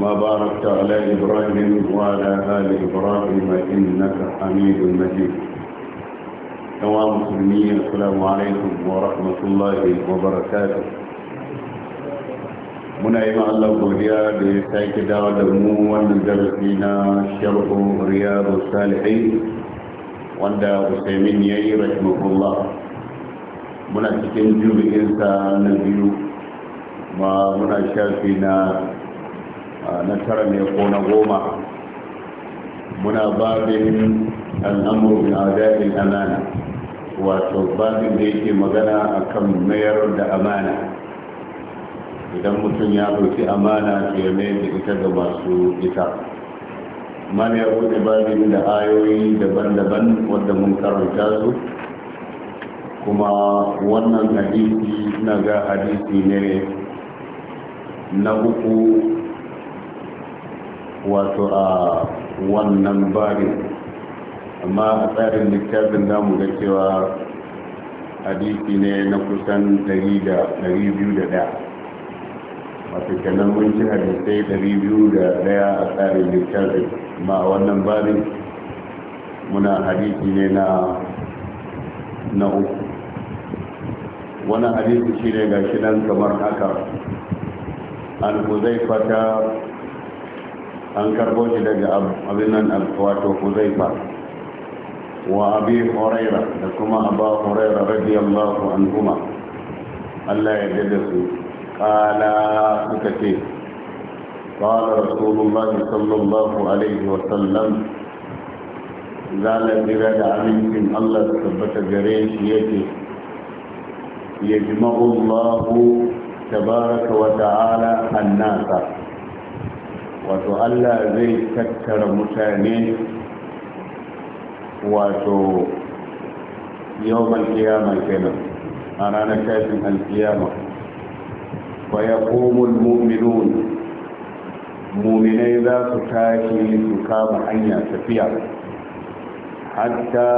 ما باركت على إبراهيم وعلى آل إبراهيم إنك حميد مجيد سواء مسلمين السلام عليكم ورحمة الله وبركاته من أيما الله بريا بسيك دعوة دمو ونجرسينا شرح رياض السالحين وندا حسيمين يأي رحمه الله من أتكين جوب إنسان نبيو ما من أشافينا na tara ne ko na goma muna babin al'amuru na adadin amana wato babin da yake magana akan mayar da amana idan mutum ya ɗauki amana ke mai da ita ga masu ita mana ya buɗe babin da ayoyi daban-daban wadda mun karanta su kuma wannan hadisi na ga hadisi ne na uku wato a wannan babin amma a tsarin littafin namu ga cewa hadisi ne na kusan 201 wato kenan mun ci hadisai 201 a tsarin littafin amma a wannan babin muna hadisi ne na na uku wannan hadisi shi ne ga shi nan kamar haka an huzaifa fata. an karbo shi daga abin nan wato huzaifa wa abi huraira da kuma aba huraira radiyallahu anhuma Allah ya yarda su kala suka ce qala rasulullahi sallallahu alaihi wa sallam zalan da amincin Allah su tabbata gare shi yake yajma'u ta tabaraka wa ta'ala an-nasa wato allah zai tattara mutane wato yau alkiyama kenan a ranar tashin alkiyama fa ya komul mu'minun muminai za su tashi su kama hanya tafiya hatta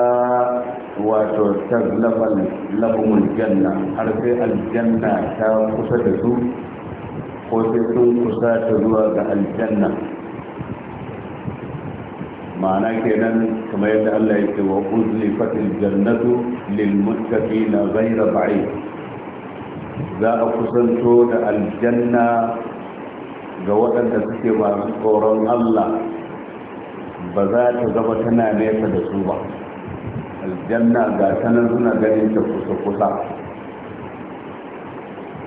wato tazlafan lafumul janna har sai aljanna ta kusa da su ko sai sun kusa ta zuwa ga aljanna ma'ana kenan kamar yadda Allah ya ce wa uzlifatil jannatu lil muttaqina ghayra ba'id za a kusanto da aljanna ga waɗanda suke masu tsoron Allah ba za ta gaba tana nesa da su ba aljanna ga tanan suna ganin ta kusa kusa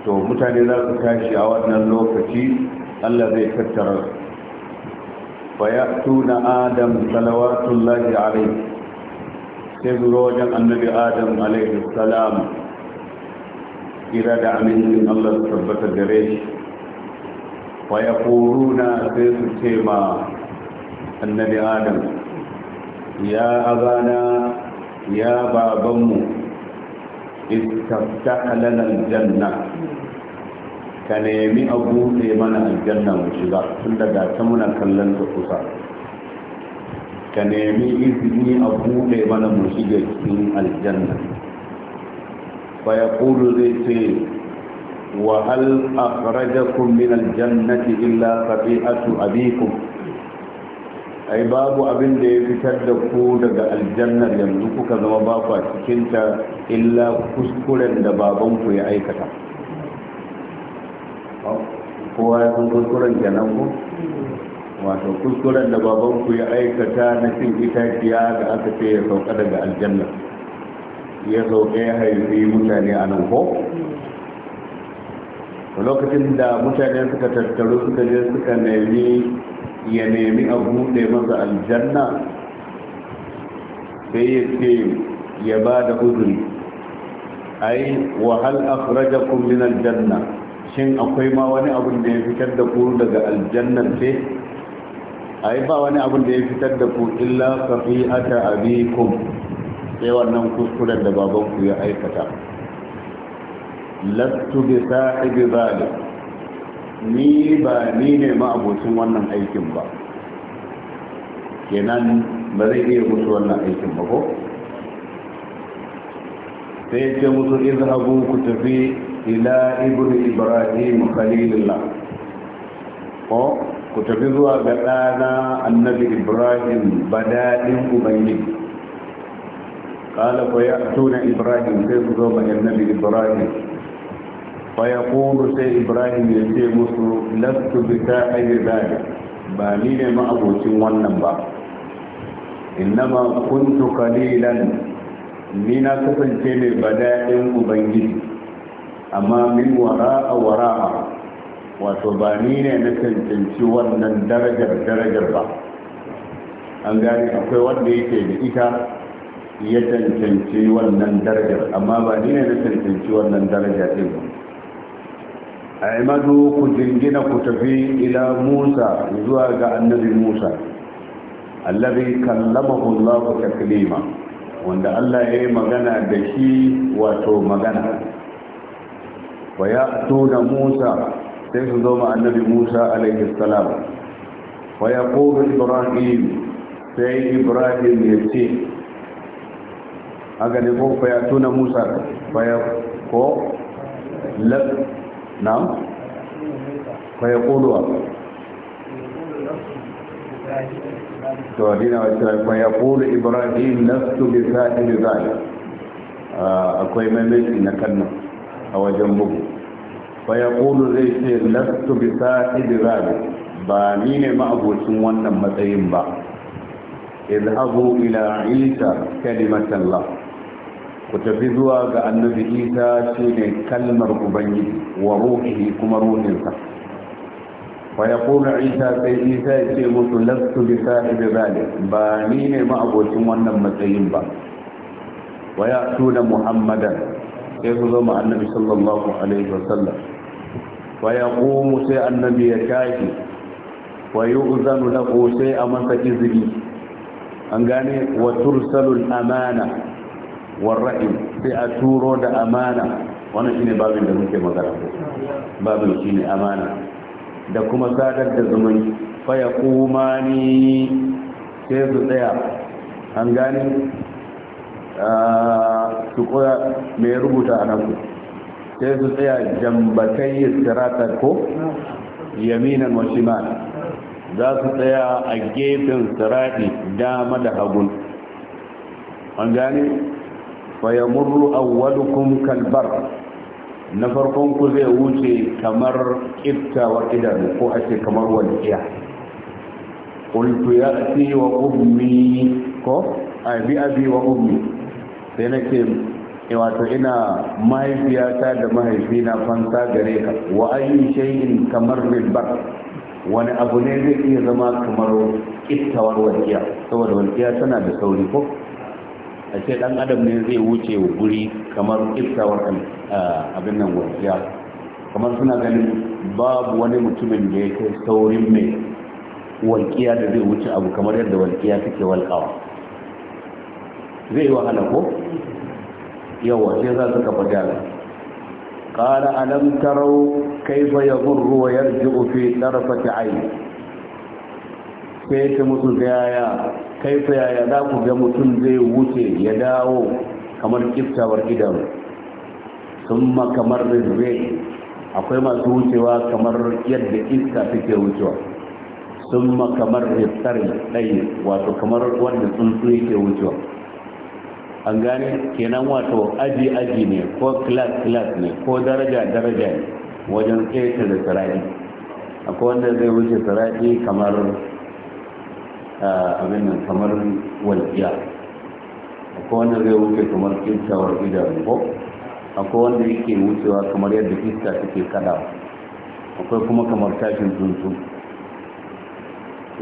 to mutane za su tashi a wannan lokaci Allah zai tattara fayatu na adam salawatullahi alaihi sai zuro wajen annabi adam alaihi salam kira da amincin Allah su tabbata gare shi waya na sai su ce ma annabi adam ya azana ya babanmu istafta lana janna ka nemi a buɗe mana aljanna mu shiga tunda da ta muna kallon ta kusa ka nemi izini a buɗe mana mu shiga cikin aljanna fa ya zai ce wa hal akhrajakum min aljannati illa qati'atu abikum ai babu abin da ya fitar da ku daga aljannar yanzu kuka zama ba cikinta illa kuskuren da babanku ya aikata kowa ya san kuskuren kenan ku wato kuskuren da baban ku ya aikata na cin itaciya da aka ce ya sauka daga aljanna ya sauka ya haifi mutane a nan ko lokacin da mutane suka tattaru suka je suka nemi ya nemi a buɗe masa aljanna sai ya ce ya ba da uzuri ai wahal akhrajakum min aljanna shin akwai ma wani abin da ya fitar da ku daga aljannar ce ai ba wani abin da ya fitar da ku illa safi'ata abikum sai wannan kuskuren da baban ku ya aikata lastu bi sa'ibi zalik ni ba ni ne ma abocin wannan aikin ba kenan ba zai iya mutu wannan aikin ba ko sai ce musu izhabu ku tafi ila ibn ibrahim khalilullah ko ku tafi zuwa ga ɗana annabi ibrahim badaɗin ubangiji ƙala ya tuna ibrahim sai ku zo ga annabi ibrahim fa ya sai ibrahim ya ce musu lastu bi ta ayi ba ni ne ma wannan ba innama kuntu qalilan ni na kasance ne badaɗin ubangiji amma min wara'a wara'a wato ba ni ne na cancanci wannan darajar darajar ba an gani akwai wanda yake da ita ya cancanci wannan darajar amma ba ni ne na cancanci wannan darajar ɗin ba a imadu ku jingina ku tafi ila musa zuwa ga annabi musa allazi kallama allahu taklima wanda allah ya yi magana da shi wato magana فياتون موسى تيزوما النبي موسى عليه السلام ويقول ابراهيم في ابراهيم يبتي اغا نقول فياتون موسى فيقول لا نعم فيقول توادينا وسلم فيقول ابراهيم لست بذاك بذاك اكو ميمتي نكنه a wajen bugu Faya ya zai ce lastu bi sahibi rabi ba ni ne ma'abocin wannan matsayin ba idhabu ila isa kalimatan la ku tafi zuwa ga annabi isa ne kalmar ubangiji wa ruhihi kuma ruhinsa ويقول عيسى سي عيسى يتي مسو لست بصاحب ba ni ne ma'abocin wannan matsayin ba waya tuna muhammadan sai su zama annabi sallallahu alaihi wasallam wa ya ƙomu sai annabi ya tashi wa yi uzanu na sai a masa izini an gane wa tursalul amana wa sai a turo da amana wannan shine babin da muke magana babin shine amana da kuma sadar da zumunci fa ya ƙumani sai su tsaya an gane tukura ah, mai rubuta a nan sai su tsaya jambatai siratar ko yaminan wa za su tsaya a gefen sirati dama da hagun an fayamuru a awwalukum kalbar na farkon ku zai wuce kamar wa idanu ko ake kamar walƙiya ya ce wa ummi ko abi abi wa ummi sai nake eh, wato ina mahaifiyata da mahaifina fansa gare ka wa ayi shay'in kamar bar wani abu ne zai iya zama kamar kittawar walƙiya saboda walƙiya tana da sauri ko a ce dan adam ne zai wuce wa guri kamar kittawar eh, abin nan walƙiya kamar suna ganin babu wani mutumin da ya kai saurin mai walƙiya da zai wuce abu kamar yadda walƙiya take walƙawa zai yi wahala ko yawa sai za su kafa jala ƙara alam tarau kaifa ya gurru wa yarji'u fi ta aini sai ta musu yaya kaifa yaya za ku ga mutum zai wuce ya dawo kamar kiftawar idan sun ma kamar zube? akwai masu wucewa kamar yadda iska suke wucewa sun ma kamar rizkari ɗaya wato kamar wanda tsuntsu yake wucewa an gane kenan wato aji aji ne ko class class ne ko daraja daraja ne wajen keta da sarari akwai wanda zai wuce sarari kamar abin kamar walƙiya akwai wanda zai wuce kamar kintawar idan ko akwai wanda yake wucewa kamar yadda iska take kada akwai kuma kamar tashin tuntun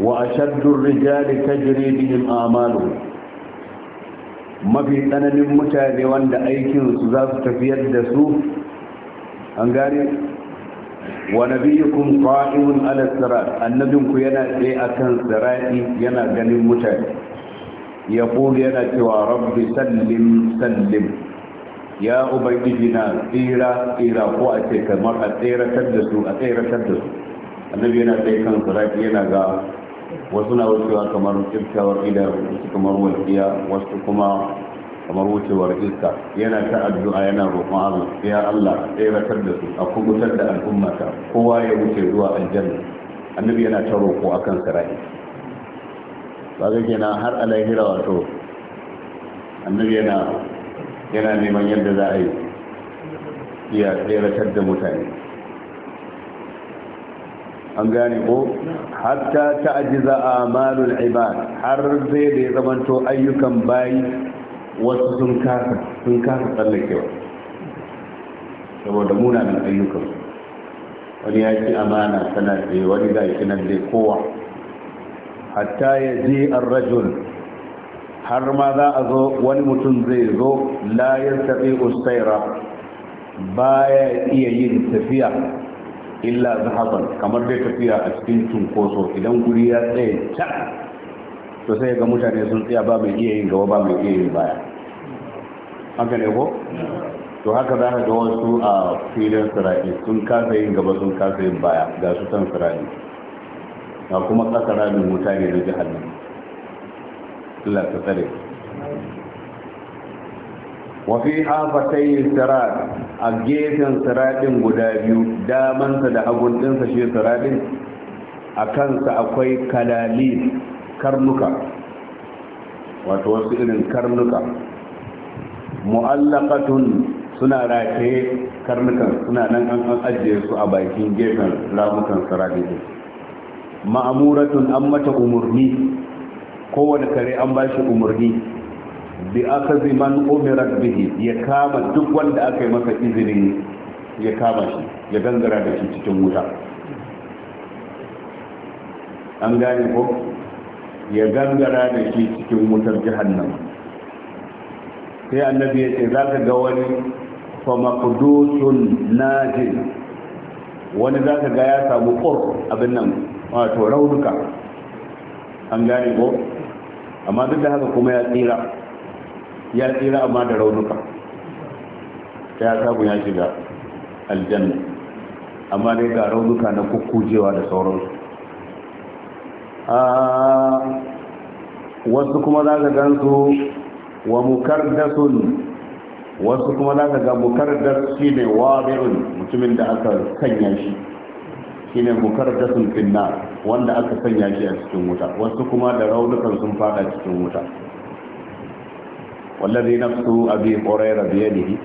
wa ashaddu rijali tajri bihim amalu mafi tsananin mutane wanda su za su tafiyar da su an gane wa nabiyukum qa'imun ala sirat annabinku yana tsaye akan sirati yana ganin mutane ya kuma yana cewa rabbi sallim sallim ya ubangiji na tsira tsira ko a ce kamar a tar da su a tar da su annabi yana tsaye kan sirati yana ga wasu na wucewa kamar kirkawar idanu wasu kamar walƙiya wasu kuma kamar wucewar iska yana ta addu'a yana roƙon Allah ya Allah tseratar da su a kubutar da al'ummata kowa ya wuce zuwa aljanna annabi yana ta roƙo a akan sarai kaga kenan har alahira wato annabi yana yana neman yadda za a yi iya tseratar da mutane an gane ko hatta ta a amalul ibad har zai da ya zamanto ayyukan bayi wasu sun kasa sun kasa tsallakewa saboda munanan ayyukan wani ya ci amana tana ce wani ga shi nan dai kowa hatta ya ji rajul har ma za a zo wani mutum zai zo la yastati usaira baya iya yin tafiya illa zahaban kamar dai tafiya a cikin cunkoso idan guri ya tsaye can to sai ga mutane sun tsaya ba mai iya yin gaba ba mai iya yin baya haka ne ko to haka za ka ga wasu a filin sarari sun kasa yin gaba sun kasa yin baya ga su san sarari ga kuma kasa rabin mutane na jihar nan Allah ta tsare wafi hafatai sirat a gefen siratin guda biyu damansa da hagunɗinsa shi siratin a kansa akwai kalali karnuka wato wasu irin karnuka mu'allakatun suna rataye karnukan suna nan an ajiye su a bakin gefen ramukan siratin ma'amuratun an mata umarni kowane kare an ba shi umarni bi akazi man umirat bihi ya kama duk wanda aka yi masa izinin ya kama shi ya gangara da shi cikin wuta an gane ko ya gangara da shi cikin wutar jahannam sai annabi ya ce za ka ga wani famakudusun najin wani za ka ga ya samu ƙor abin nan wato raunuka an gane ko amma duk da haka kuma ya tsira ya tsira amma da raunuka ya samu ya shiga aljanna amma dai ga raunuka na kukkujewa da sauransu wasu kuma za ka gansu wa mukardasun wasu kuma za ka ga mukardas shi ne wabirin mutumin da aka sanya shi shi ne mukardasun finna wanda aka sanya shi a cikin wuta wasu kuma da raunukan sun fada cikin wuta wallazi nafsu abi huraira biyadihi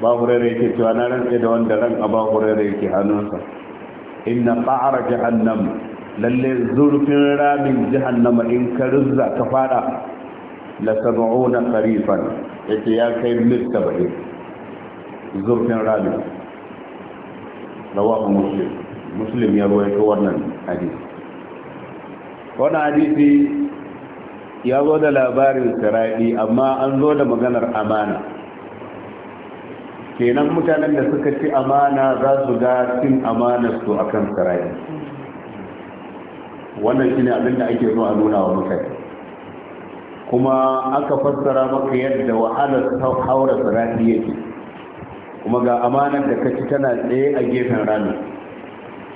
ba huraira yake cewa na rantsa da wanda ran aba huraira yake hannunsa inna qa'ara jahannam lalle zurfin ramin jahannama in ka ruzza ka fada la sab'una qarifan yace ya kai mil 70 zurfin ramin rawahu muslim muslim ya ruwaito wannan hadisi wannan hadisi ya zo da labarin siraɗi amma an zo da maganar amana kenan mutanen da suka ci amana za su ga cin amanarsu a kan siraɗi wannan shi ne abinda ake zo a nuna wa mutane kuma aka fassara maka yadda wahalar haura siraɗi yake kuma ga amanar da ka ci tana tsaye a gefen rana,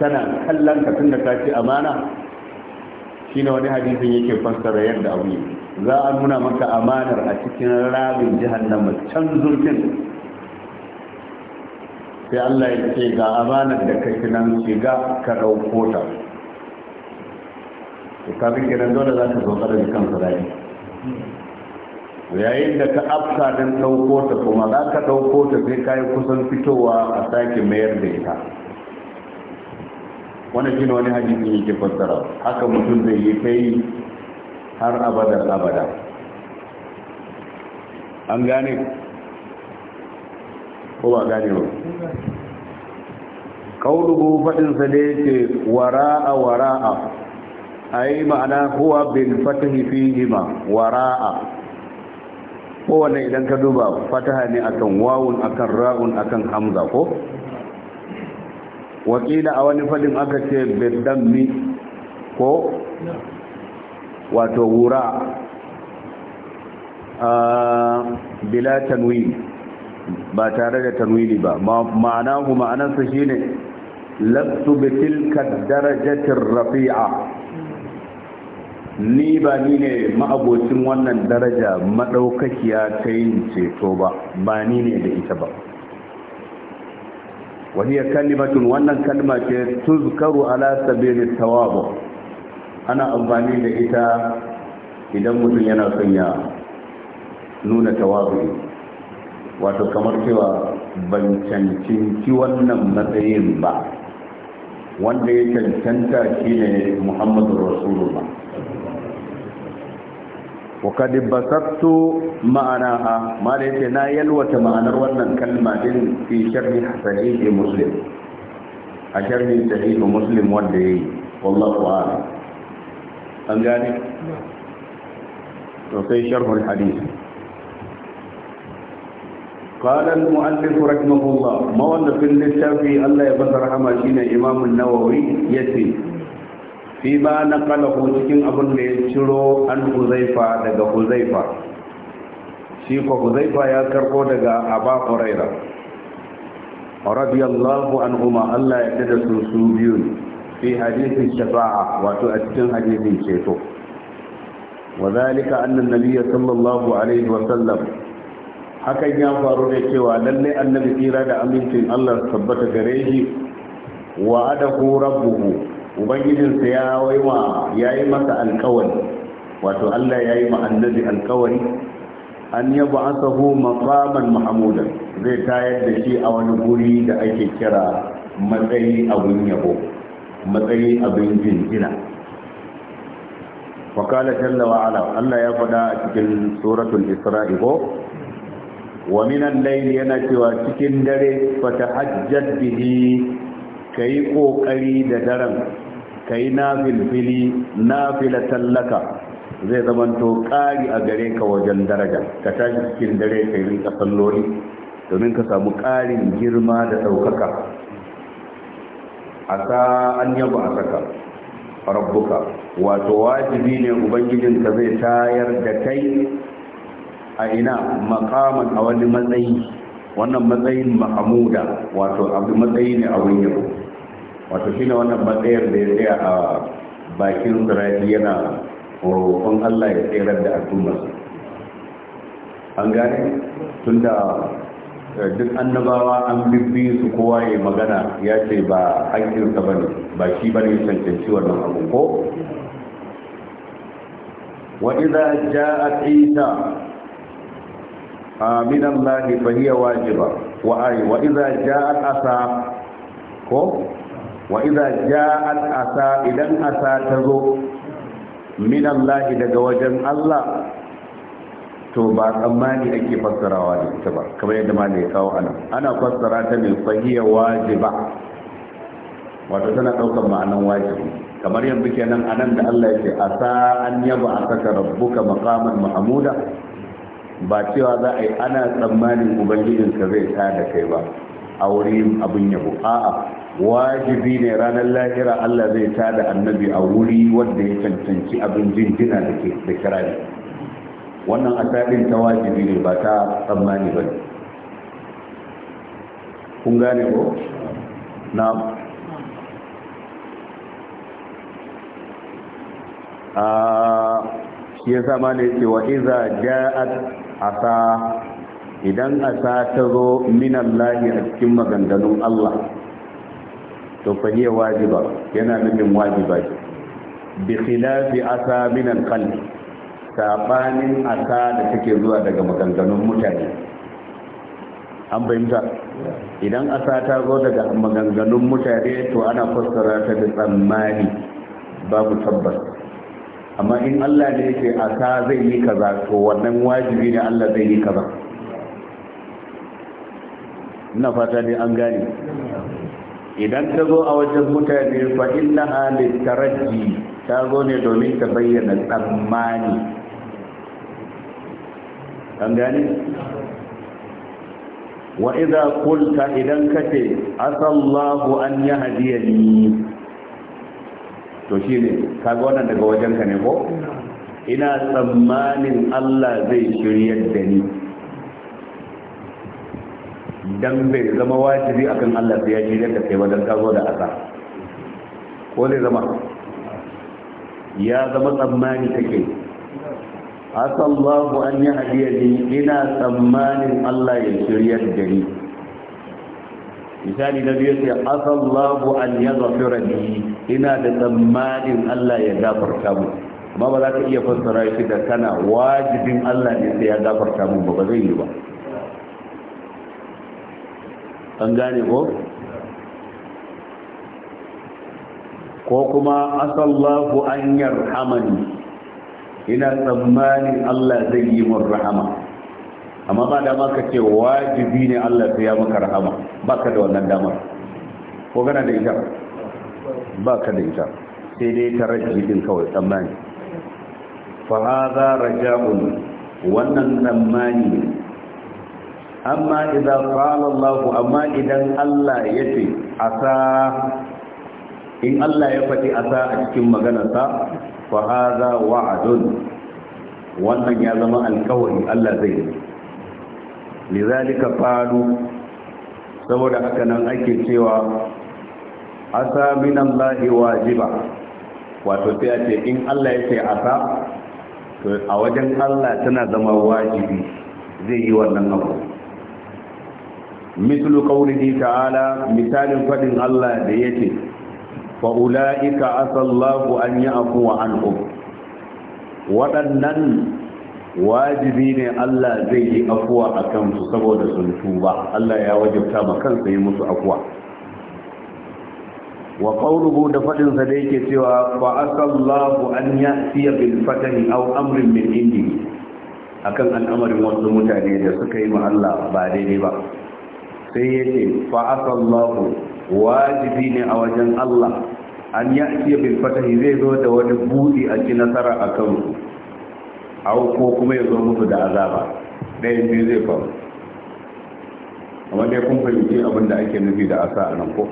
tana kallon ka tun da ka ci amana shine wani hadisin yake fassara yadda abu ne za a nuna maka amanar a cikin rabin jahannama can zurfin sai Allah ya ce ga amanar da kake nan shiga ka ɗauko ta to kafin kiran dole za ka zokar da kan sarari yayin da ka afka don ɗaukota, ta kuma za ka ɗaukota ta sai ka yi kusan fitowa a sake mayar da ita wani shine wani hadisi yake fassara haka mutum zai yi kai har abada abada an gane ko ba gane ba kauluhu faɗinsa da yake wara'a wara'a a yi ma'ana kowa bin fatahi fihima wara'a kowane idan ka duba fataha ne akan wawun akan ra'un akan hamza ko wakila a wani fadin aka ce biddammi ko wato wura bila tanwini ba tare da tanwini ba ma'ana ku ma'anarsa shi ne lastu bitilkar darajatin rafi'a ni ba ni ne ma'abocin wannan daraja maɗaukakiya ta yin ceto ba ba ni ne da ita ba وهي كلمة وأن كلمة تذكر على سبيل التواضع أنا أمباني لإتا yana son ya nuna تواضعي wato kamar cewa ban cancanci wannan matsayin ba wanda ya cancanta shine muhammadu rasulullah wa kadi basattu ma'anaha mala yace na yalwata ma'anar wannan kalma din fi sharhi sahih muslim a sharhi sahih muslim wanda yayi wallahu a'lam قال المؤلف رحمه الله ما ولف في الله يبارك رحمه شينا امام النووي يتي fi ma naqalahu cikin abin da ya ciro an huzaifa daga huzaifa shi ko huzaifa ya karko daga aba huraira radiyallahu anhuma Allah ya tada su su biyu fi hadisin shafa'a wato a cikin hadisin ceto Wazalika annan Nabiya, nabiyya sallallahu alaihi wa sallam hakan ya faru da cewa lalle annabi tsira da amincin Allah tabbata gare shi wa adahu rabbuhu ubangijinsa ya ya yi masa alkawari wato allah ya yi ma annabi alkawari an yi ba'asahu maqaman mahmudan zai tayar da shi a wani guri da ake kira matsayi abin yabo matsayi abin jinjina وقال جل وعلا cikin suratul isra'i ko wa min al yana cewa cikin dare hajjar bihi yi ƙoƙari da daren ka yi nafilfili fila tallaka zai zamanto ƙari a gare ka wajen daraja ka tashi cikin dare ka yi salloli domin ka samu ƙarin girma da ɗaukaka a an yaba a saka rabbuka wato wajibi ne ka zai tayar da kai a ina makaman a wani matsayi wannan matsayin mahamuda wato abu matsayi ne a wuyan wato ne wannan matsayar da ya tsaya a bakin sirati yana roƙon Allah ya tserar da al'ummarsa an gane tunda eh, duk annabawa an bibbi su kowa ya magana ya ce ba hankinsa ba ne ba shi ba ne cancanci wannan abu ko wa ja a isa a ah, Allah fa hiya wajiba wa ba wa wa'iza ja'at asa ko wa iza ja'at asa idan asa ta zo min Allah daga wajen Allah to ba tsammani ake fassarawa da ita ba kamar yadda malai ya kawo ana ana fassara ta mai sahiya wajiba wato tana ɗaukar ma'anan wajibi kamar yanzu kenan anan da Allah ya ce asa an yaba asaka rabbuka maqaman mahmuda ba cewa za a yi ana tsammanin ubangijinka zai ta da kai ba a wurin abin yabo a'a wajibi ne ranar lahira Allah zai tada annabi a wuri wanda ya cancanci abin jinjina da ke da kirari wannan asalin ta wajibi ne ba ta tsammani ba kun gane ko na a ah, shi ya sama ne wa iza ja'at asa idan asa ta zo minan a cikin maganganun Allah to fa hiya wajiba yana nufin wajiba ce bi khilafi asa min alqalb sabanin asa da take zuwa daga maganganun mutane an bayyana idan asa ta zo daga maganganun mutane to ana fassara ta da tsammani babu tabbas amma in Allah ne yake asa zai yi kaza to wannan wajibi ne Allah zai yi kaza ina fata ne an gane idan ta zo a wajen mutane fa inna halin taraji ta zo ne domin ta bayyana tsammani an gani wa idza qulta idan ce asallahu an yahdiyani to shi ka ga wannan daga wajenka ne ko ina tsammanin Allah zai shiryar da ni dan bai zama wajibi akan Allah sai ya shirya da kai wajen kazo da asa ko zai zama ya zama tsammani take asallahu an yi hadiya ni ina tsammanin Allah ya shirya da ni misali na biyu sai asallahu an ya zafira ni ina da tsammanin Allah ya gafarta mu amma ba za ka iya fassara shi da kana wajibin Allah ne sai ya gafarta mu ba ba zai yi ba an gane ko ko kuma asallahu an yarhamani ina tsammanin Allah zai yi mun rahama amma ba dama ka ce wajibi ne Allah ya maka rahama ba ka da wannan damar ko gana da ita ba ka da ita sai dai ta rage din kawai tsammani fa hadha raja'un wannan tsammani amma idza amma idan Allah yace asa in Allah ya faɗi asa a cikin maganarsa fa hadha wa'dun wannan ya zama alkawari Allah zai yi lidhalika qalu saboda haka nan ake cewa asa min Allah wajiba wato sai a ce in Allah yace asa to a wajen Allah tana zama wajibi zai yi wannan abu mislu qawlihi ta'ala misalin faɗin Allah da yake fa ulaika asallahu an ya'fu anhum waɗannan wajibi ne Allah zai yi afuwa a kansu saboda sun tuba Allah ya wajabta ma kansa yi musu afuwa wa qawluhu da fadin sa da yake cewa fa asallahu an ya'tiya bil fatahi aw amrin min indihi akan al'amarin wasu mutane da suka yi ma Allah ba daidai ba sai ya ce fa'asallahu wajibi ne a wajen Allah an ya iya bil fatahi zai zo da wani buɗi a ci nasara a kansu au ko kuma ya zo musu da azaba ɗayan biyu zai faru amma dai kun fahimci abin da ake nufi da asa a nan ko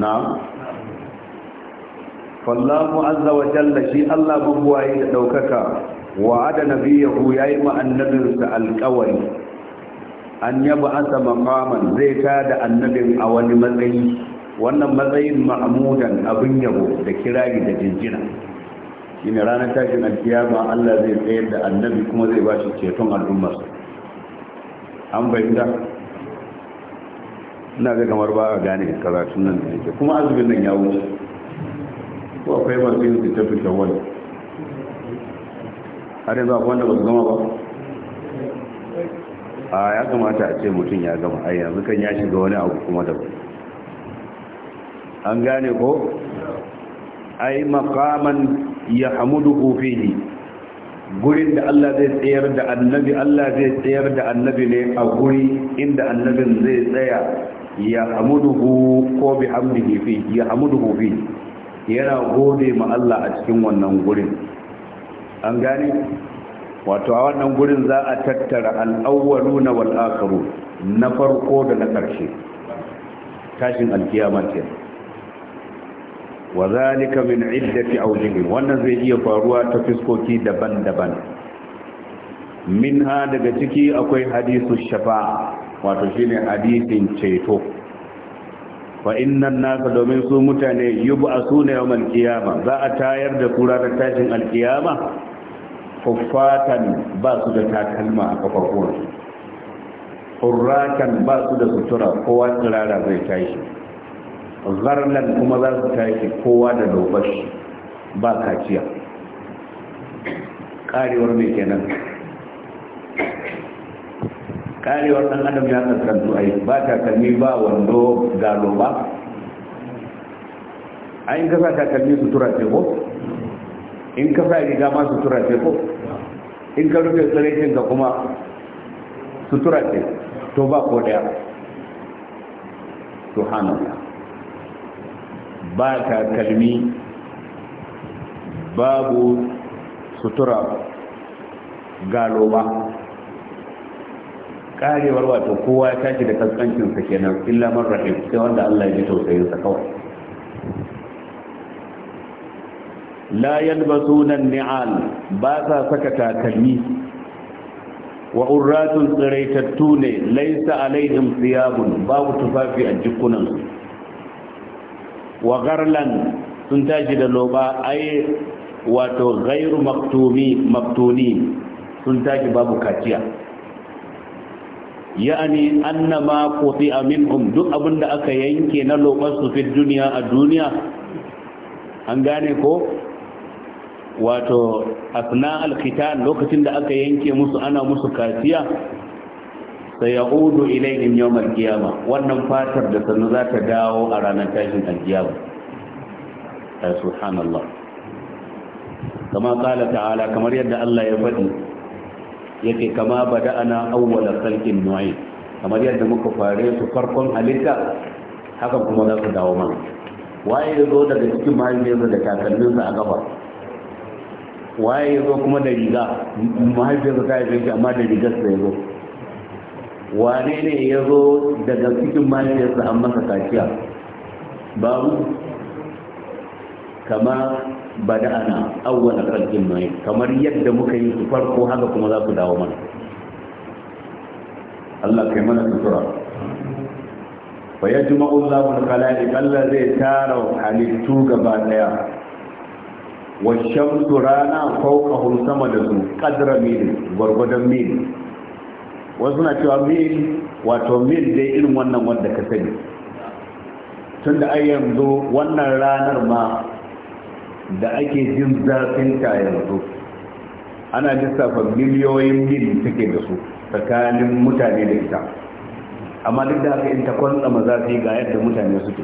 na fallahu azza wa jalla shi Allah mabuwayi da ɗaukaka wa ada nabiyahu ya yi annabinsa alƙawari an yaba asa makaman zai tada annabin a wani matsayi wannan matsayin ma'amudan abin yabo da kirayi, da jinjina shine ranar tashin alkiyama Allah zai tsayar da annabi kuma zai bashi ceton al'ummar an bayyana ina ga kamar ba a gane karatun nan da yake kuma azumin nan ya wuce ko akwai masu yin fita fita wani har yanzu akwai wanda ba su gama ba a ya kamata a ce mutum ya gama a yanzu kan ya shiga wani abu kuma da an gane ko ai makaman ya hamudu kofi gurin da Allah zai tsayar da annabi Allah zai tsayar da annabi ne a guri inda annabin zai tsaya ya hamudu ko bi hamdihi fi ya hamudu fi yana gode ma Allah a cikin wannan gurin an gane wato a wannan gurin za a tattara al'awwalu na wal'akaru na farko da na ƙarshe tashin alkiyama ce wa zalika min iddati awjihin wannan zai iya faruwa ta fiskoki daban-daban minha daga ciki akwai hadisu shafa'a wato shine hadisin ceto fa innan nasa domin su mutane yub'asuna yawon alkiyama za a tayar da kura da tashin alkiyama huffatan ba su da takalma a kafafuwan hurrakan ba su da sutura kowa tsirara zai tashi zarnan kuma za su tashi kowa da dobashi ba kaciya karewar mai kenan karewar dan adam ya tsakantu yi ba takalmi ba wando ga loba a in kasa takalmi sutura ce ko in kasa riga ma sutura ce ko in ka rufe tsirrikin ka kuma sutura ce to ba ko daya subhanallah ba kalmi babu sutura galo ba karewar wato kowa ya tashi da kaskancinsa kenan illa man sai wanda Allah ya ji tausayinsa kawai la yalbasuna ni'al ba sa saka takalmi wa urratun tsiraitattu ne laisa alaihim thiyabun babu tufafi a jikunan wa garlan sun tashi da loba ai wato ghairu maktumi maktuni sun tashi babu kaciya ya'ani annama quti'a minhum duk abinda aka yanke na lobar su fi duniya a duniya an gane ko wato asna alkhitan lokacin da aka yanke musu ana musu kafiya sai ya udu ilayhim yawmal qiyama wannan fatar da sannu za ta dawo a ranar tashin alkiyama ay subhanallah kama qala ta'ala kamar yadda Allah ya faɗi yake kama bada'ana awwala khalqin nu'id kamar yadda muka fare su farkon halitta haka kuma za su dawo mana waye ya zo daga cikin mahaifiyarsa da kakanninsa a gaba waye ya zo kuma da riga mahaifiyarsa ta yi shi amma da rigarsa ya zo wane ne ya zo daga cikin mahaifiyarsa an masa kaciya babu kama ba da ana awwala kalkin mai kamar yadda muka yi su farko haka kuma za su dawo mana Allah kai mana sutura fa yajma'u Allahu al-khalaiq Allah zai tara halittu gaba daya washamsu rana fawqahum sama da su qadra mil gwargwadon mil wasu na cewa mil wato mil dai irin wannan wanda ka sani tunda ai yanzu wannan ranar ma da ake jin zafin ta yanzu ana lissafa miliyoyin mil take da su tsakanin mutane da ita amma duk da haka in ta ma zafi ga yadda mutane suke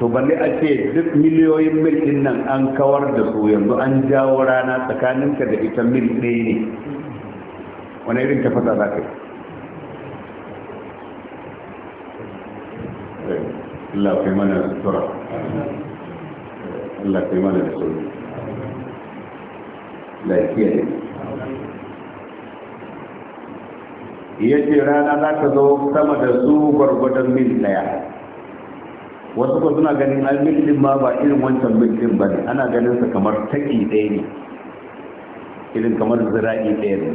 to balle a ce duk miliyoyin mil din nan an kawar da su yanzu an jawo rana tsakaninka da ita mil ɗaya ne wani irin tafasa za ka yi eh, Allah kai mana da tura Allah kai mana da tura lafiya ne iya ce rana za ta zo sama da su gwargwadon mil ɗaya wasu ko suna ganin ai mil din ma ba irin wancan bincin ba ne. ana ganin sa kamar taki ɗaya ne irin kamar zira'i ɗaya ne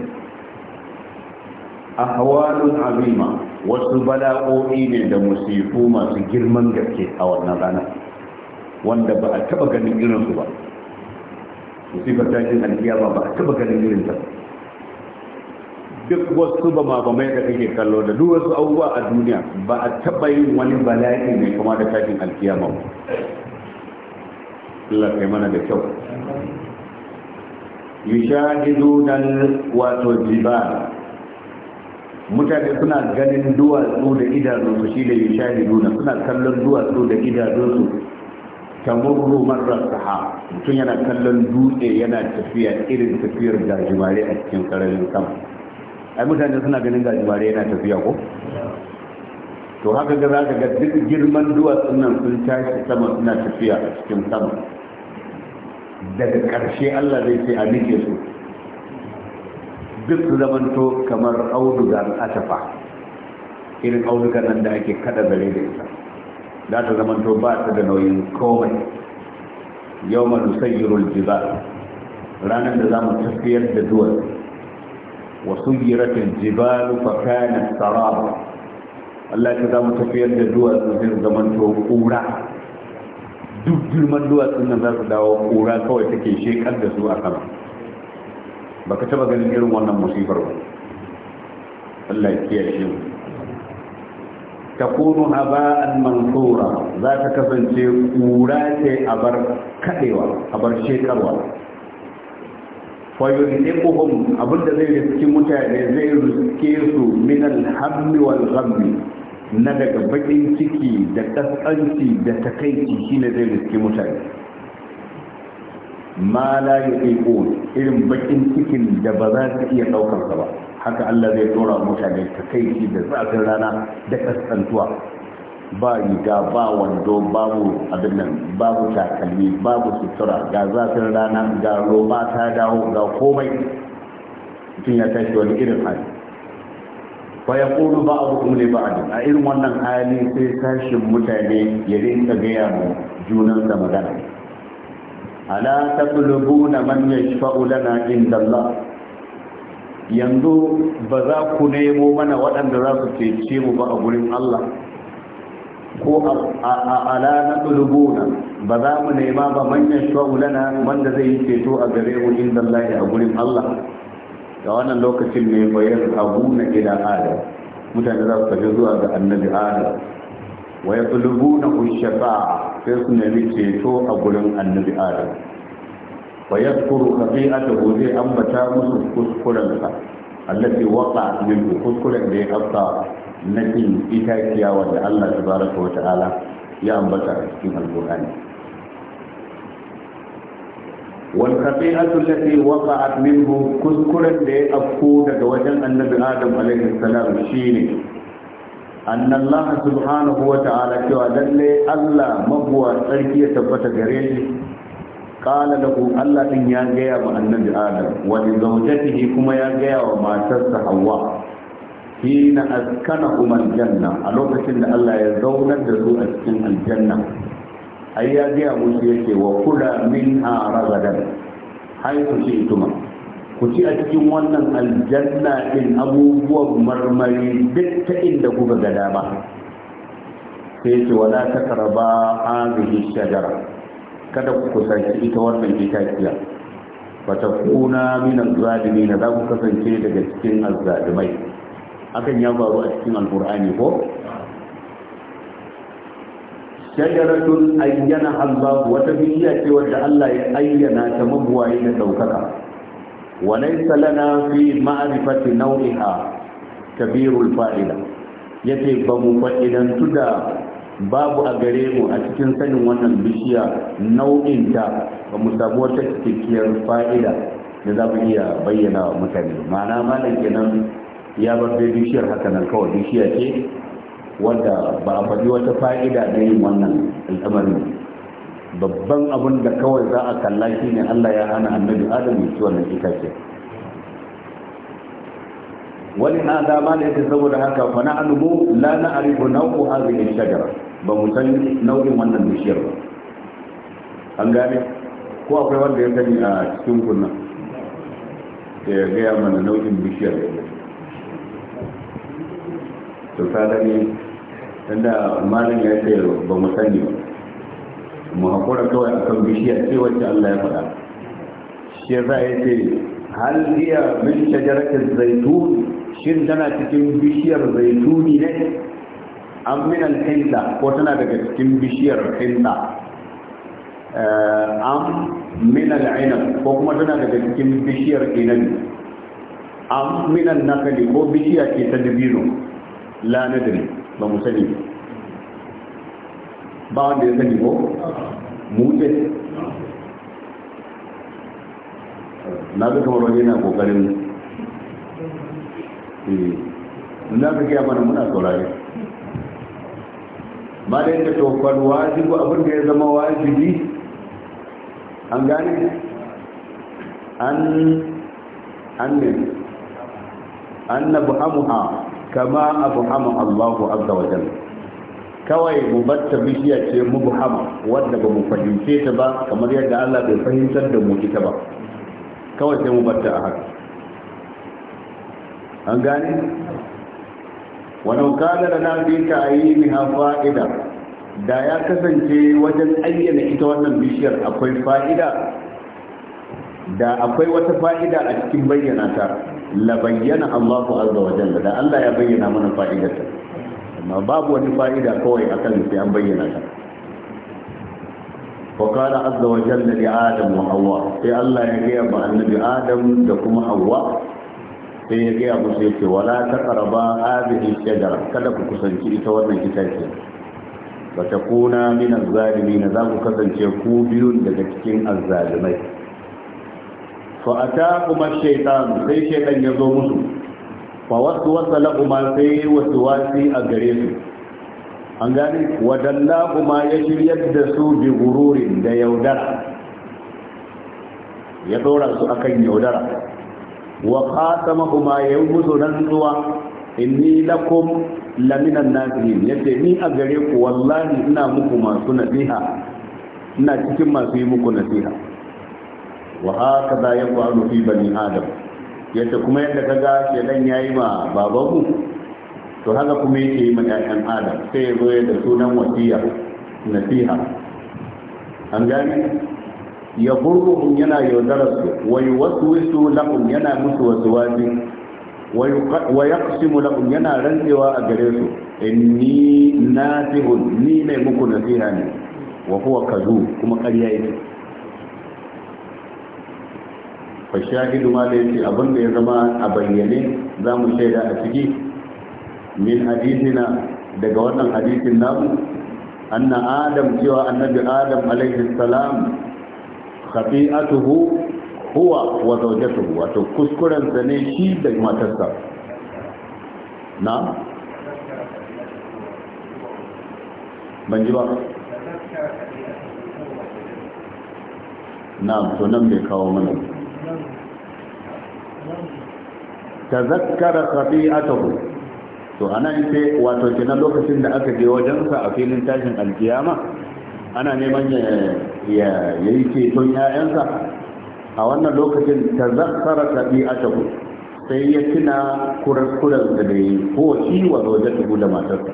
ahwalun abima wasu bala'o'i ne da musifu masu girman gaske a wannan rana wanda ba a taba ganin irinsu ba musifar tashin alkiyama ba a taba ganin irin ta ba duk wasu ba ma mai da kake kallo da duk wasu abubuwa a duniya ba a taba yin wani bala'i mai kuma da tashin alkiyama ba Allah kai mana da kyau yushahidu dal wato jibal mutane suna ganin duwatsu da idanunsu shi da yushahidu na suna kallon duwatsu da idanunsu tamurru marar saha mutum yana kallon dutse yana tafiya irin tafiyar gajimare a cikin sararin sama ai mutane suna ganin gajimare yana tafiya ko to haka ga za ka ga duk girman duwatsun nan sun tashi sama suna tafiya a cikin sama daga ƙarshe allah zai ce a nike su duk su zamanto kamar audugar atafa irin audugar nan da ake kada zare da ita za ta zamanto ba ta da nauyin komai yau manusayyarul jiba ranar da za mu tafiyar da duwatsu وسيرت الجبال فكانت سرابا Allah ya za mu tafiyar da duwatsu sai su zaman duk girman duwatsun nan za su dawo kura kawai take shekar da su a sama baka taba ganin irin wannan musibar ba Allah ya kiyaye shi takunu haba'an mansura za ta kasance kura ce a bar kadewa a bar shekarwa abin abinda zai riski mutane zai riske su min alhammi wal ghammi na daga bakin ciki da kaskanci da takaici shine zai riske mutane ma la ko irin bakin cikin da ba za su iya daukar ba haka Allah zai tsora mutane takaici da zafin rana da kaskantuwa ba riga ba wando babu abin nan babu takalmi babu sutura ga zafin rana ga roba ta dawo ga komai mutum ya tashi wani irin hali ba ya ba abu ne ba a irin wannan hali sai tashin mutane ya rinka gaya mu da magana ala na man yashfa'u lana inda Allah yanzu ba za ku nemo mana waɗanda za su cece mu ba a gurin Allah ko a Alana tulubuna ba za mu nema ba manyan shawulana wanda zai yi ceto a gare mu inda Allah a gurin Allah da wannan lokacin ne bayar abuna ila adam mutane za su tafi zuwa ga annabi adam wa yatlubuna shafa'a sai su nemi ceto a gurin annabi adam wa yadhkuru khati'atahu zai ambata musu kuskurensa allati waqa min kuskuren da ya afka na kin itaciya wanda Allah tabaraka wa ta'ala ya ambata a cikin alqur'ani wal khati'atu waka waqa'at kuskuren da ya afko daga wajen annabi adam alaihi salam shine anna Allah subhanahu wa ta'ala cewa lalle Allah mabuwa tsarki ya tabbata gare shi Kala lahu Allah din ya gaya wa annabi Adam wani li kuma ya gaya wa matarsa Hauwa. hina azkana kuma aljanna a lokacin da Allah ya zaunar da su a cikin aljanna ai ya gaya musu yake wa kula min a ragadan haifu shi tuma ku ci a cikin wannan aljanna din abubuwan marmari duk ta inda ku ga dama sai ce wala ta a hadhihi shajara kada ku kusanci ita wannan itaciya kuna min na za ku kasance daga cikin azzalimai hakan ya faru a cikin alkur'ani ko shajaratun ayyana Allah wata bishiya ce wadda Allah ya ayyana ta mabuwaye da daukaka wa laysa lana fi ma'rifati naw'iha kabirul fa'ila yace ba mu fa'idan tuda babu a gare mu a cikin sanin wannan bishiya ta ba mu samu wata cikakkiyar fa'ida da za mu iya bayyana wa mutane ma'ana malam kenan ya bar dai bishiyar haka nan kawai bishiya ce wanda ba a faɗi wata fa'ida da yin wannan al'amarin babban abin da kawai za a kalla shi ne allah ya hana annabi adam ya ci wannan itace wani na dama da yake saboda haka fa na anubu la na arifu nau'u hadhihi shajara ba mu san nau'in wannan bishiyar ba an gane ko akwai wanda ya sani a cikin kunna ya gaya mana nau'in bishiyar to kaga ne tunda malam ya ce ba mu sani ba mu hakura kawai akan bishiya ce wacce Allah ya faɗa shi ya za ya ce hal iya min shajaratin zaitun shin tana cikin bishiyar zaituni ne an min alhinda ko tana daga cikin bishiyar hinda am min al'inab ko kuma tana daga cikin bishiyar inabi am min al-nakali ko bishiya ce ta dabino la nadri ba mu sani ba wanda ya sani ko mu ce na ga kamar wani yana kokarin eh, na ga mana muna saurari ma da yadda tofar wajibu abin da ya zama wajibi an gane an an ne an na ha. kama abu hama allahu azza wa jalla kawai mu mubatta bishiya ce Hama, wanda ba mu fahimce ta ba kamar yadda allah bai fahimtar da mu ita ba kawai sai mu mubatta a haka an gane Wani kana da nafi ta ayyimiha fa'ida da ya kasance wajen ayyana ita wannan bishiyar akwai fa'ida da akwai wata fa'ida a cikin bayyana ta la bayyana Allahu azza wa jalla da Allah ya bayyana mana fa'idarta amma babu wani fa'ida kawai akan sai an bayyana ta wa qala azza wa jalla li adam wa hawa sai Allah ya gaya ma annabi adam da kuma hawa sai ya gaya musu yace wala taqraba hadhihi shajara kada ku kusanci ita wannan itace. ba ta kuna min azzalimin za ku kasance ku biyun daga cikin azzalimai fa ata kuma shaytan sai shaytan ya zo musu fa wasu wasa kuma sai wasu wasi a gare su an gani. wadalla kuma ya shiryar da su bi gururin da yaudara ya dora su akan yaudara wa qasama kuma ya musu rantsuwa inni lakum laminan nasihin yace ni a gare ku wallahi ina muku masu nasiha ina cikin masu yi muku nasiha wa haka za ya faru fi bani adam yadda kuma yadda ka ga shedan ya yi ma babanmu to haka kuma yake yi ma 'ya'yan adam sai ya zo da sunan wasiya nasiha an gani ya burruhum yana yaudararsu wa yuwaswisu lahum yana musu waswasi wa yaqsimu lahum yana rantsewa a gare su inni nasihun ni mai muku nasiha ne wa huwa kazu kuma ƙarya yake fa shahidu ma da yake abin da ya zama a bayyane za mu shaida a ciki min hadisina daga wannan hadisin namu anna adam cewa annabi adam alaihi salam khati'atuhu huwa wa zawjatuhu wato kuskuren sa ne shi da matarsa na ban ji ba na sunan bai kawo mana tazakkara khati'atahu to ana sai wato kenan lokacin da aka je wajensa a filin tashin alkiyama ana neman ya yi ceton 'ya'yansa a wannan lokacin tazakkara khati'atahu sai ya tuna kurar da dai yi ko shi da zojen da matarsa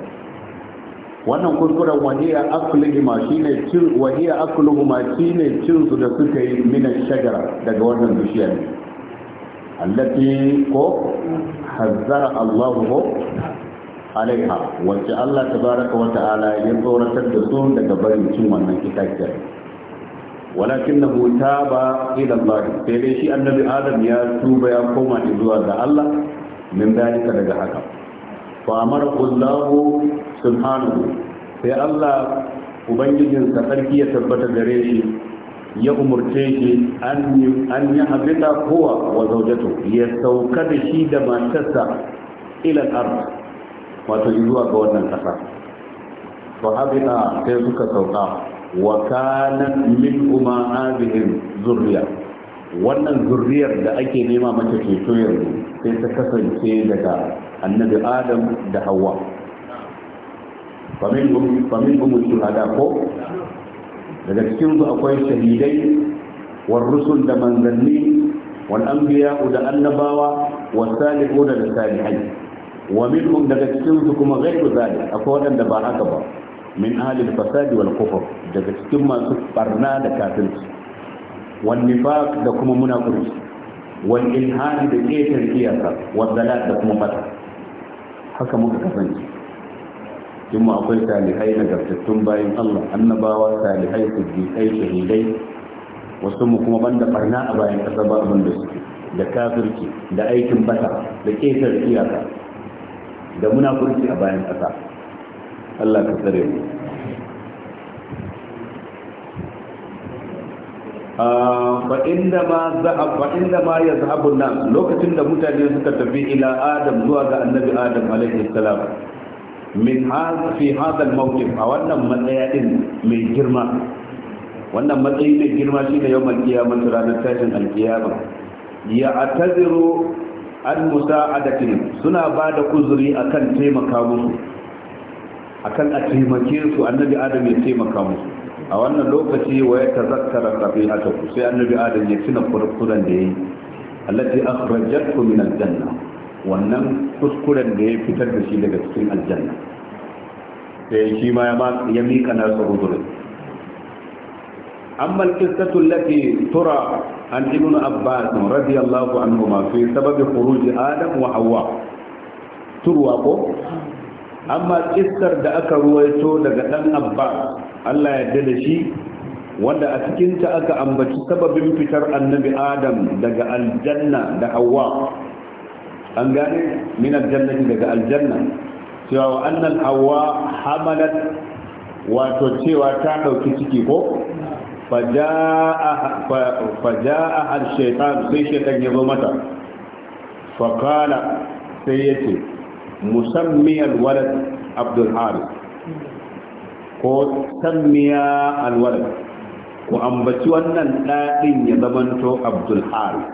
wannan kuskuren wahiya akulihima shine cin wahiya akuluhuma shine cin su da suka yi minan shagara daga wannan bishiyar allati ko hazzara Allahu ko alaiha wacce Allah tabaraka wa ta'ala ya tsoratar da su daga barin cin wannan itaciyar walakinahu taba ila Allah sai dai shi annabi Adam ya tuba ya koma zuwa ga Allah min dalika daga haka fa amara Allahu subhanahu sai Allah ubangijin sa ya tabbata gare shi ya umurce shi an yi habita kowa wa zaujato. ya sauka da shi da matarsa ilal al-ard wato zuwa ga wannan kasa To habita sai suka sauka wa kanat min umma zurriya wannan zurriyar da ake nema mata ceto yanzu sai ta kasance daga annabi adam da Hauwa. famin famin umul shuhada ko daga cikin su akwai shahidai war da manzanni wal anbiya da annabawa wa salihun da salihai wa minhum daga cikin su kuma ghairu zalik akwai waɗanda ba haka ba min ahli al-fasadi wal daga cikin masu barna da kafirci wal nifaq da kuma munafiki wal ilhadi da ƙetar iyaka wal da kuma mata haka muka kasance cikin mu akwai salihai nagartattun bayan Allah annabawa salihai siddiqai shahidai wasu mu kuma banda barna a bayan kasa ba abin da suke da kafirci da aikin bata da ƙetar iyaka da muna munafurci a bayan ƙasa Allah ka tsare mu ah, fa'inda ma ya zahabun nan lokacin da mutane suka tafi ila adam zuwa ga annabi adam alaihi salam min fi hadal mawqif a wannan matsaya din mai girma wannan matsayi mai girma shine yawmal qiyamah ranar tashin alqiyama ya ataziru an musa'adatin suna bada uzuri akan taimaka musu akan a taimake su annabi adam ya taimaka musu a wannan lokaci wa ya tazakkara qafiyatahu sai annabi adam ya tuna kurkuran da yayi allati akhrajatku min aljanna wannan kuskuren da ya fitar da shi daga cikin aljanna sai eh, shi ma ya miƙa nasa uzurin amma alƙistatu lati tura an ibnu abbas radiyallahu anhu ma fi sababi khuruji adam wa hawa turwa ko amma kistar da aka ruwaito daga dan abba Allah ya da shi wanda a cikinta aka ambaci sababin fitar annabi adam daga aljanna da hawa an gane min aljannati daga aljanna cewa wa annal hawa hamalat wato cewa ta dauki ciki ko faja'a har shaitan sai shaitan ya mata fakala sai ya ce musammiyar walad ko sammiya alwalad ku ambaci wannan ɗaɗin ya zamanto abdulharis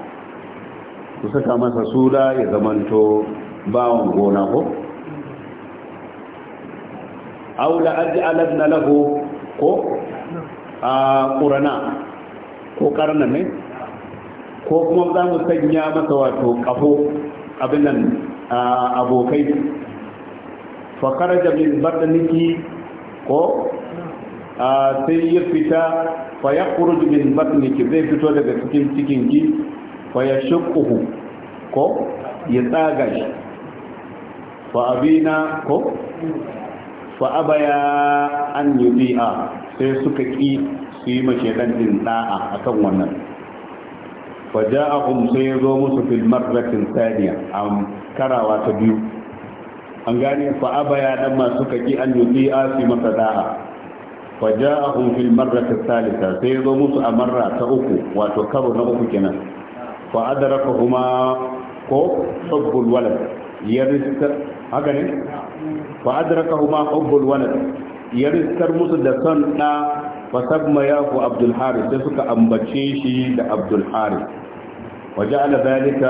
ku saka masa suna ya zamanto bawon gona ko aula aji na lahu ko a qurana ko karna ne ko kuma za mu sanya masa wato kafo abin nan abokai fa kharaja min batniki ko sai ya fita fa yakhruju min batniki zai fito daga cikin cikin ki fa ya shukuhu ko ya tsaga shi fa abina ko fa abaya an yudi'a sai suka ƙi su yi mace dan din da'a kan wannan fa a sai ya zo musu filmar marratin thaniya am karawa ta biyu an gani fa abaya dan ma suka ki an yudi'a su masa da'a fa ja'ahum fil marratin thalitha sai ya zo musu a marra ta uku wato karo na uku kenan fa adraka huma ko hubbul walad yarista haka ne fa adraka hubbul walad yaristar musu da son da fa sabma yahu abdul harith sai suka ambace shi da abdul harith وجعل ذلك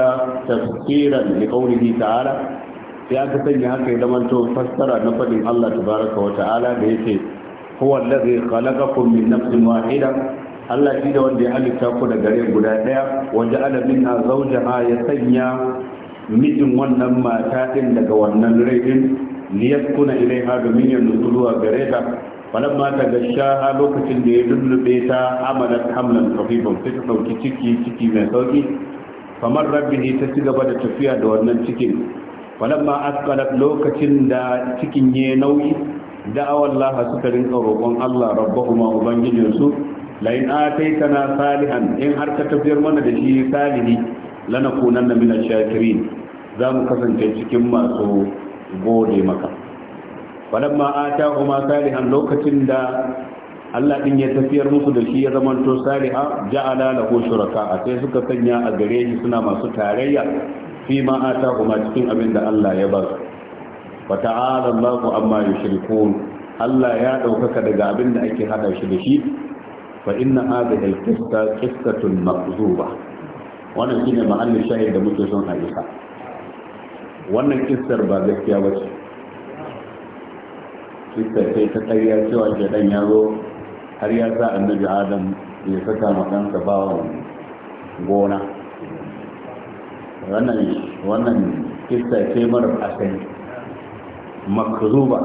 تفسيرا لقوله تعالى sai aka sanya haka ya zama to fassara na fadin Allah tabaraka wa ta'ala da yake huwa allazi khalaqakum min nafsin wahida Allah shi da wanda ya halitta ku da gare guda daya wanda alamin na zaujaha ya sanya mijin wannan mata din daga wannan rai din liyaskuna ilaiha domin ya nutsu zuwa gare ta falamma ta lokacin da ya lullube ta amalat hamlan khafifan sai ta dauki ciki ciki mai sauki kamar ne ta ci gaba da tafiya da wannan cikin ma asqalat lokacin da cikin ya nauyi da'awallaha suka rinka roƙon Allah rabbahuma ubangijinsu lain ataitana salihan in har ka tafiyar mana da shi salihi lanakunanna na ash-shakirin za mu kasance cikin masu gode maka falamma kuma salihan lokacin da Allah din ya tafiyar musu da shi ya zamanto saliha ja'ala lahu shuraka sai suka sanya a gare shi suna masu tarayya fi ma kuma cikin abin da Allah ya ba su wa ta'ala Allahu amma yushrikun Allah ya ɗaukaka daga abin da ake hada shi da shi فإن هذه القصة قصة مقذوبة وانا كنا معنى شاهد دموت يسون حقيقة وانا كسر بابك يا وجه قصة كيسة تيارتي وانشدين يارو هرياسا النبي آدم يفتا مكان تباهم غونا وانا قصة كيمر أسن مقذوبة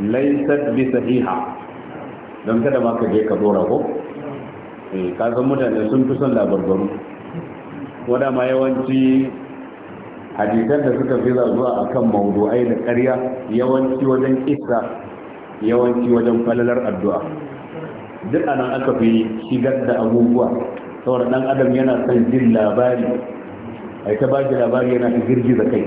ليست بصحيحه don kada ma ka je ka zo rago eh mutane sun fi son labarbaru wanda ma yawanci hadisan da suka fi zuwa a kan mawdu'ai da ƙarya yawanci wajen isa yawanci wajen falalar addu'a duk anan aka fi shigar da abubuwa saboda dan adam yana son jin labari ai ta baki labari yana girgi girgiza kai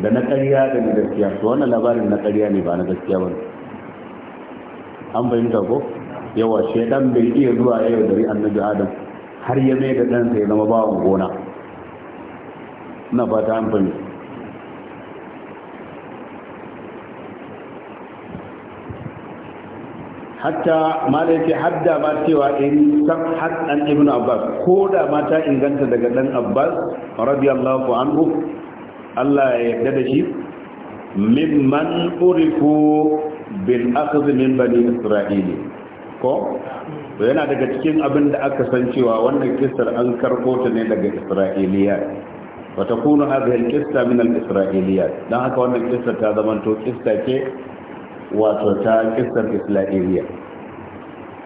da na ƙarya da na gaskiya to wannan labarin na ƙarya ne ba na gaskiya ba ne an fahimta ko yawa dan bai iya zuwa ya da annabi adam har ya mai da dan sai zama ba gona na ba ta amfani hatta mala hadda ma cewa in san an ibnu abbas ko da ma ta inganta daga dan abbas radiyallahu anhu Allah ya yarda da shi mimman urifu bil akhdh min bani isra'ili ko to yana daga cikin abin da aka san cewa wannan kistar an karko ta ne daga isra'iliya wa takunu hadhihi al-qissa min al-isra'iliya don haka wannan kistar ta zamanto kista ce wato ta kistar isra'iliya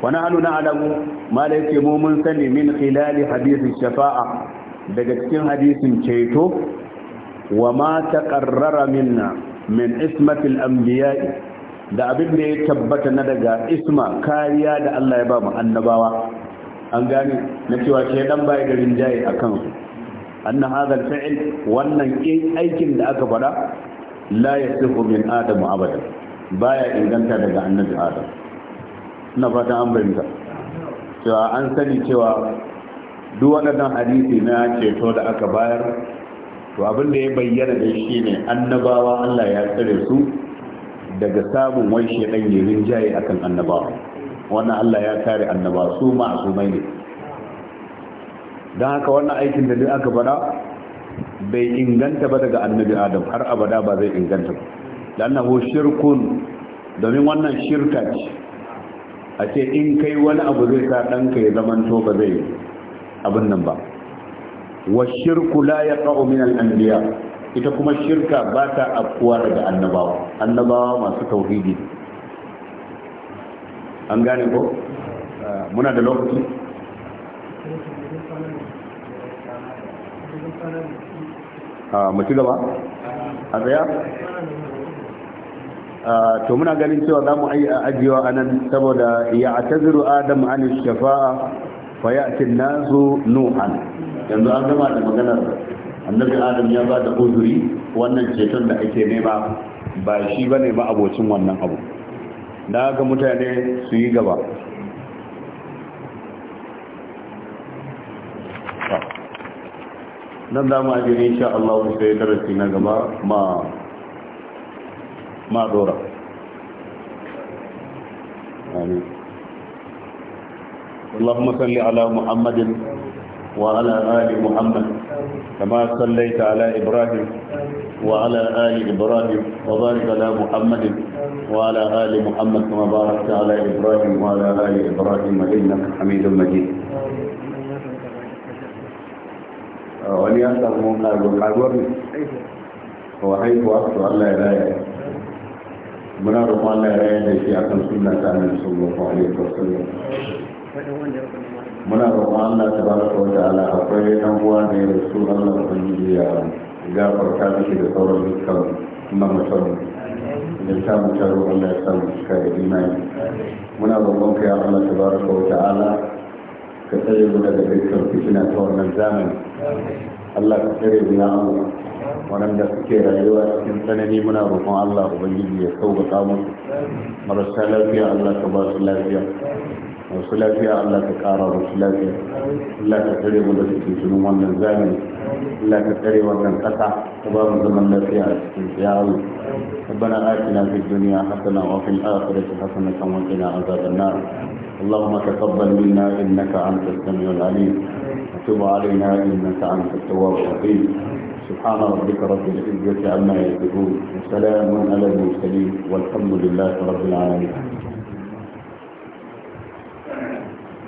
wani hannu na alamu mala yake mun sani min khilali hadisin shafa'a daga cikin hadisin ceto wa ma karrara minna min ismatil ambiya'i da abin da ya tabbata na daga isma kariya da Allah ya ba mu annabawa an gane na cewa ke dan bai da rinjaye a kansu anna hadha al-fi'l wannan aikin da aka fada la yasihu min adam abada baya inganta daga annabi adam ina fatan an bayyana cewa an sani cewa duk waɗannan hadisi na ceto da aka bayar to abin da ya bayyana da shi ne annabawa Allah ya tsare su daga samun wai shedan ya rinjaye akan annabawa wannan Allah ya kare annabawa su ma'asumai ne don haka wannan aikin da duk aka fara bai inganta ba daga annabi adam har abada ba zai inganta ba lannahu shirkun domin wannan shirka ce a ce in kai wani abu zai sa ɗanka ya zamanto ba zai abin nan ba wa shirku la ya ƙa'o min anbiya ita kuma shirka ba ta afuwa daga annabawa annabawa masu tauhidi an gane ko muna da lokaci a ah, ci gaba a tsaya ah, to muna ganin cewa za mu ajiyewa a nan saboda ya a ziru adam an shafa'a fa ya nasu nuhan yanzu an gama da maganar annabi adam ya ba da uzuri wannan ceton da ake nema ba shi ba ne ba abocin wannan abu da haka mutane su yi gaba nan da ma ajiyar insha Allah sai darasi na gaba ma ma dora amin اللهم صل على محمد وعلى آل محمد كما صليت على إبراهيم وعلى آل إبراهيم وبارك على محمد وعلى آل محمد كما باركت على إبراهيم وعلى آل إبراهيم إنك حميد مجيد ولي أسأل من قلب الحاضر وحيث أخذ الله لا من أرضى الله لا يدري شيئا صلى الله عليه وسلم muna roƙon Allah ta ba ta wata ala akwai ɗan uwa ne da su Allah ta yi ya gafarta miki da sauran dukkan mutum da ta mutar Allah ya samu cika da imani muna roƙon ka ya Allah ta ba ta wata ala ka tsaye mu daga dukkan fitina ta wannan zamani Allah ka tsare mu ya Allah waɗanda suke rayuwa cikin tsanani muna roƙon Allah Ubangiji ya sauƙaƙa kamun marasa lafiya Allah ka ba su lafiya وسلافيا الله تكارا وسلافيا الله تكري ولدك Allah ka tsare الله تكري cikin tunan wannan zamani لا ka tsare ربنا آتنا في الدنيا حسنة وفي الآخرة حسنة وقنا عذاب النار اللهم تقبل منا إنك أنت السميع العليم وتب علينا إنك أنت التواب الرحيم سبحان ربك رب العزة عما يصفون وسلام على المرسلين والحمد لله رب العالمين